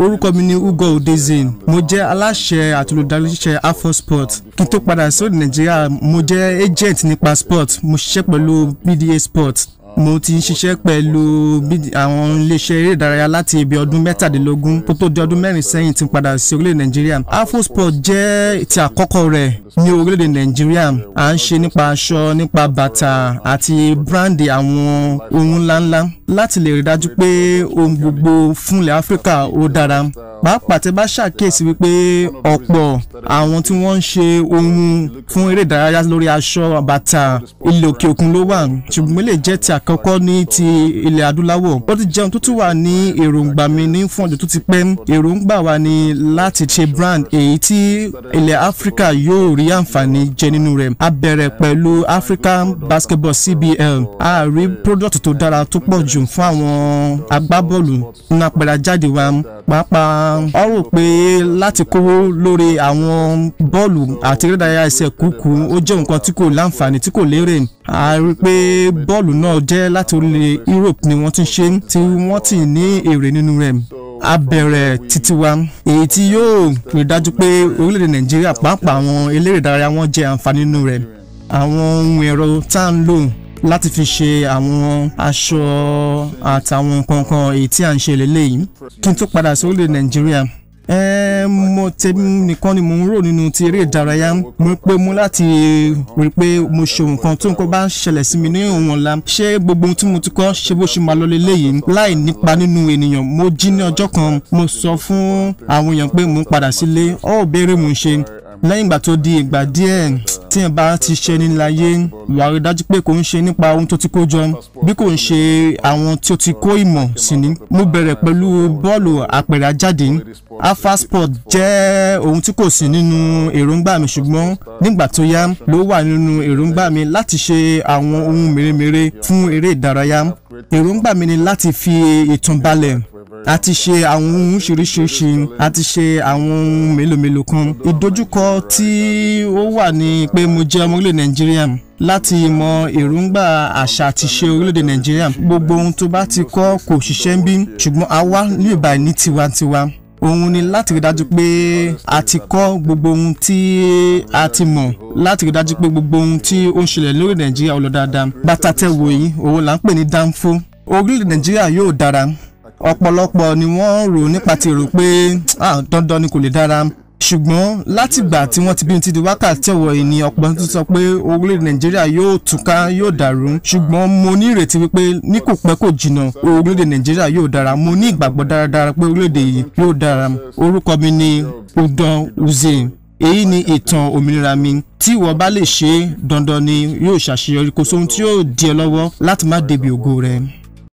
orúkọ mi ni Ugo Odezin mo jẹ́ aláṣẹ àtolùdaríṣẹ́ afosport. kí n tó padà sóde Nàìjíríà mo jẹ́ agent nípa sport mo ṣiṣẹ́ pẹ̀lú PDA Sport mo ti ń ṣiṣẹ́ pẹ̀lú àwọn iléeṣẹ́ eré ìdárayá láti ibi ọdún mẹ́tàdínlógún tó tó di ọdún mẹ́rin sẹ́yìn tí ń padà sí orílẹ̀ nàìjíríà afrosport jẹ́ ti àkọ́kọ́ rẹ̀ ní orílẹ̀-èdè nàìjíríà à ń ṣe nípa aṣọ nípa bàtà àti bíráǹdì àwọn ohun ńláńlá láti lè rí dájú pé ohun gbogbo fúnlẹ̀ áfíríkà ó dára pàápàá tẹ bá ṣàkíyèsí wípé ọ̀pọ̀ àwọn tí wọ́n ń ṣe ohun fún eré ìdárayá lórí aṣọ àbàtà ilẹ̀ òkè òkun ló wà ṣùgbọ́n lè jẹ́ ti àkọ́kọ́ ní ti ilẹ̀ adúláwọ̀ ó ti jẹun tó tún wà ní èròǹgbà mi ní fún ọjọ́ tó ti pẹ́ èròǹgbà wa ni láti ṣe brand èyí tí ilẹ̀ áfíríkà yóò rí àǹfààní jẹ nínú rẹ̀ a bẹ̀rẹ̀ pẹ̀lú african basketball cbl a rí product tó dára tó pọ̀ jù fún àwọn agbábọ́ọ̀lù ní apẹ̀rẹ̀ wa pàápàá ó rò pé láti kówó lórí àwọn bọ́ọ̀lù àti rédíà ẹsẹ̀ kúkú ó jẹ́ nǹkan tí kò láǹfààní tí kò lérè a rí pé bọ́ọ̀lù náà jẹ́ láti orílẹ̀ Europe ni wọ́n ti ń ṣe tí wọ́n ti ní èrè nínú rẹ̀ a bẹ̀rẹ̀ títí wa èyí tí yóò rí dájú pé orílẹ̀-èdè Nàìjíríà pàápàá àwọn eléré ìdárayá wọn jẹ àǹfààní nínú rẹ̀ àwọn ohun ẹ̀rọ tá à ń lò láti fi ṣe àwọn aṣọ àtàwọn nǹkan kan èyí tí à ń ṣe lélẹ́yìí kí n tó padà sórílẹ̀ Nàìjíríà mo tèmi nìkan ni mo ń rò nínú ti eré ìdárayá mo pé mo láti rí i pé mo ṣe nǹkan tó nǹkan bá ń ṣẹlẹ̀ sí mi ní òun ọ̀la ṣé gbogbo ohun tí mo ti kọ́ ṣe bó ṣe máa lọ leléyìí láì nípa nínú ènìyàn mo jí ní ọjọ́ kan mo sọ fún àwọn èèyàn pé mo ń padà sílé ọ́ ò béèrè mo ṣe lẹ́yìn ìgbà tó di ìgbà díẹ̀ tí ẹ bá ti ṣe ní láyé wà á rí dájú pé kò ń ṣe nípa ohun tó ti kó jọ bí kò ń ṣe àwọn tó ti kó ìmọ̀ sí ni mo bẹ̀rẹ̀ pẹ̀lú bọ́ọ̀lù àpẹẹrẹ ajáde alpha sport jẹ́ ohun tí kò sí nínú èròǹgbà mi ṣùgbọ́n nígbà tó yá ló wà nínú èròǹgbà mi láti ṣe àwọn ohun mèremère fún eré ìdárayá èròǹgbà mi ni láti fi ìtàn balẹ̀ a ti ṣe àwọn ohun ṣoríṣiríṣi a ti ṣe àwọn ohun mélòó mélòó kan ìdojúkọ tí ó wà ní pé mo jẹ́ ọmọ orílẹ̀ nàìjíríà láti mọ èròǹgbà àṣà àti ṣe orílẹ̀-èdè nàìjíríà gbogbo ohun tó bá ti kọ́ kò ṣiṣẹ́ ń bí ṣùgbọ́n a wá ní ìbàyìí ní tiwantiwa òun ni láti rí dájú pé a ti kọ́ gbogbo ohun tí a ti mọ̀ láti rí dájú pé gbogbo ohun tí ó ń ṣẹlẹ̀ lórí nàìjíríà ó bàtà tẹ̀ wòyí òun là ń pè ní dánfó orílẹ̀-èdè nàìjíríà yóò dára ọ̀pọ̀lọpọ̀ ni wọ́n rò nípa ti rò pé dandan ni kò lè dára ṣùgbọ́n látìgbà tí wọ́n ti bí títí wákàtí ọ̀wọ̀ yìí ni ọ̀pọ̀ tó sọ pé orílẹ̀-èdè nàìjíríà yóò túká yóò dàrú ṣùgbọ́n mo ní ìrètí wípé ní kò pẹ́ kò jìnnà orílẹ̀-èdè nàìjíríà yóò dára mo ní ìgbàgbọ́ dáradára pé orílẹ̀-èdè yìí yóò dára orúkọ mi ni Udan Uzie èyí ni ìtàn òmìnira mi tí ìwọ bá lè ṣe dandan ni yóò ṣàṣeyọrí kò sóhun tí yóò di ẹ lọ́wọ́ láti má débi ògo rẹ.